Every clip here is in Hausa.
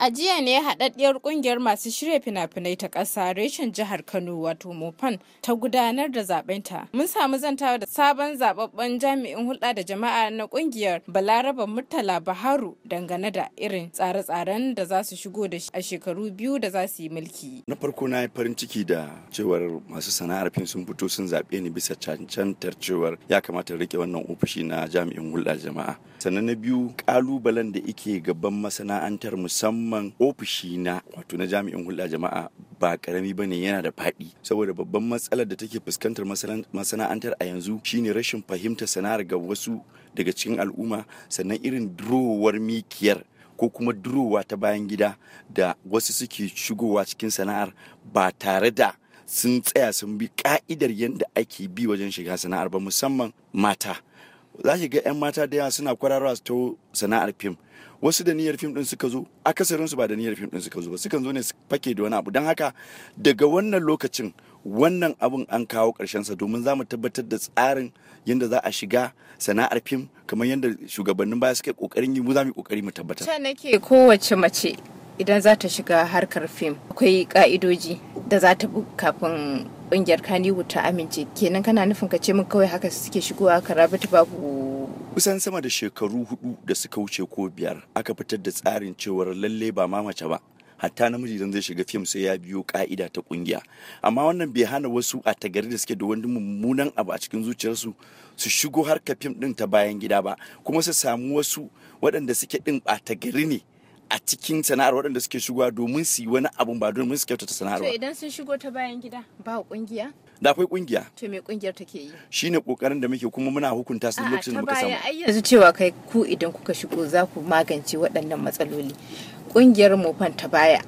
A jiya ne haɗaɗɗiyar ƙungiyar masu shirya fina-finai ta ƙasa reshen jihar Kano wato Mofan ta gudanar da ta Mun samu zantawa da sabon zababben jami'in hulɗa da jama'a na ƙungiyar Balaraba Murtala Baharu dangane da irin tsare-tsaren da za su shigo da a shekaru biyu da za su yi mulki. Na farko na yi farin ciki da cewar masu sana'ar fim sun fito sun zaɓe ni bisa cancantar cewar ya kamata rike wannan ofishi na jami'in hulɗa jama'a. Sannan na biyu ƙalubalen da ike gaban masana'antar musamman musamman ofishi na wato na jami'in hulɗa jama'a ba karami bane yana da faɗi saboda babban matsalar da take fuskantar masana'antar a yanzu shine rashin fahimtar sana'ar ga wasu daga cikin al'umma sannan irin durowar mikiyar ko kuma durowa ta bayan gida da wasu suke shigowa cikin sana'ar ba tare da sun tsaya sun bi ka'idar yadda ake bi wajen shiga sana'ar ba musamman mata za ga 'yan mata da yawa suna kwararwa ta taho sana'ar fim wasu da niyyar fim din suka zo akasarin su ba da niyyar fim din suka zo ba sukan zo ne su fake da wani abu don haka daga wannan lokacin wannan abun an kawo karshen sa domin za mu tabbatar da tsarin yadda za a shiga sana'ar fim kamar yadda shugabannin baya suka kokarin yi mu za mu kokari mu tabbatar ta nake kowace mace idan za ta shiga harkar fim akwai ka'idoji da za ta bi kafin kungiyar kanihu ta amince kenan kana nufin ka ce min kawai haka suke shigowa ka rabita babu kusan sama da shekaru hudu da suka wuce ko biyar aka fitar da tsarin cewar lalle ba ma mace ba hatta namiji dan zai shiga fim sai ya biyo ka'ida ta kungiya amma wannan bai hana wasu a tagari da suke da wani mummunan abu a cikin zuciyarsu su shigo harka fim din ta bayan gida ba kuma su samu wasu waɗanda suke din a tagari ne a cikin sana'ar waɗanda suke shigowa domin su yi wani abun ba domin su kyautata sana'ar ba. To idan sun shigo ta bayan gida ba kungiya? Da akwai kungiya. To me kungiyar take yi? Shine kokarin da muke kuma muna hukunta su lokacin da muka samu. ta yanzu cewa kai ku idan kuka shigo za ku magance waɗannan matsaloli. Kungiyar Mofan ta baya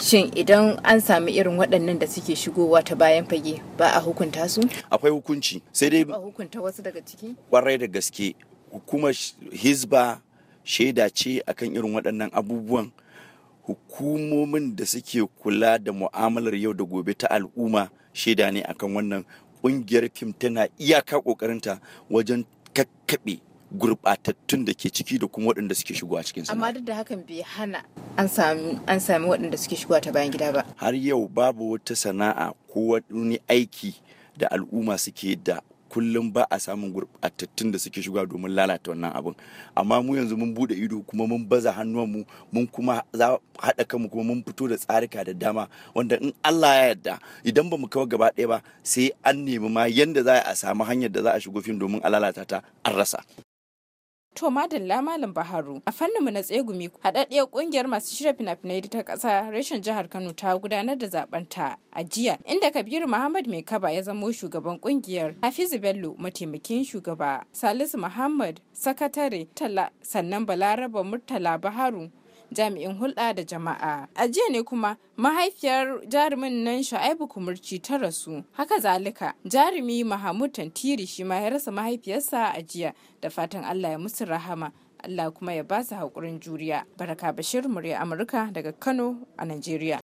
Shin idan an sami irin waɗannan da suke shigowa ta bayan fage ba a hukunta su? Akwai hukunci sai dai. Ba hukunta wasu daga ciki? Kwarai da gaske hukumar Hizba shaida ce akan irin waɗannan abubuwan hukumomin da suke kula da mu'amalar yau da gobe ta al'umma shaida ne akan wannan ƙungiyar fim tana iyaka ƙoƙarinta wajen kakkaɓe gurɓatattun da ke ciki da kuma waɗanda suke shigo a cikin amma duk da hakan bai hana an sami an sami waɗanda suke shigowa ta bayan gida ba har yau babu wata sana'a ko wani aiki da al'umma suke da kullum ba a samun gurɓatattun da suke shiga domin lalata wannan abin amma mu yanzu mun bude ido kuma mun baza mu mun kuma za haɗa kanmu kuma mun fito da tsarika da dama wanda in Allah ya yarda idan ba mu kawo gaba ɗaya ba sai an nemi ma yanda za a samu hanyar da za a shigo fim domin a lalata ta an rasa To Madalla Malam Baharu a fanninmu na tsegumi haɗaɗɗiyar ƙungiyar masu shirya fina-finai ta ƙasa reshen jihar Kano ta gudanar da zaben ta a jiya inda Kabiru Muhammad Mai Kaba ya zamo shugaban ƙungiyar Hafizu Bello mataimakin shugaba Salisu Muhammad sakatare talla sannan Balaraba Murtala Baharu jami'in hulɗa da jama'a. A jiya ne kuma mahaifiyar jarumin nan Sha'aibu Kumurci ta rasu. Haka zalika jarumi Mahamud Tantiri shi ma ya rasa mahaifiyarsa a jiya da fatan Allah ya musu rahama. Allah kuma ya ba su haƙurin juriya. Baraka Bashir murya Amurka daga Kano a Najeriya.